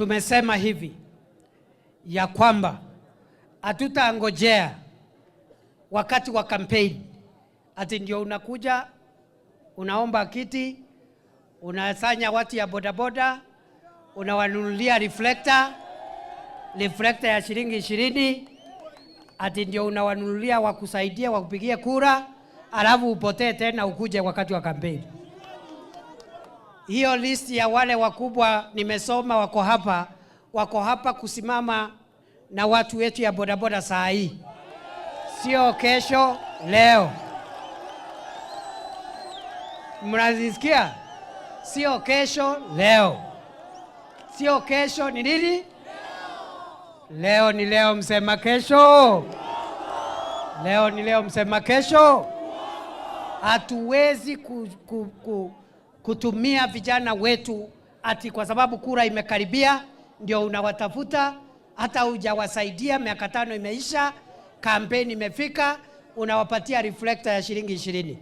tumesema hivi ya kwamba hatutangojea wakati wa kampeni ati ndio unakuja unaomba kiti, unasanya watu ya bodaboda, unawanunulia reflector reflector ya shilingi ishirini, ati ndio unawanunulia wakusaidia wakupigie kura, alafu upotee tena ukuje wakati wa kampeni. Hiyo listi ya wale wakubwa nimesoma, wako hapa, wako hapa kusimama na watu wetu ya bodaboda saa hii, sio kesho, leo. Mnazisikia? Sio kesho, leo. Sio kesho ni nini? Leo ni leo, msema kesho. Leo ni leo, msema kesho. Hatuwezi ku, ku, ku kutumia vijana wetu ati kwa sababu kura imekaribia ndio unawatafuta, hata hujawasaidia. Miaka tano imeisha, kampeni imefika, unawapatia reflector ya shilingi ishirini.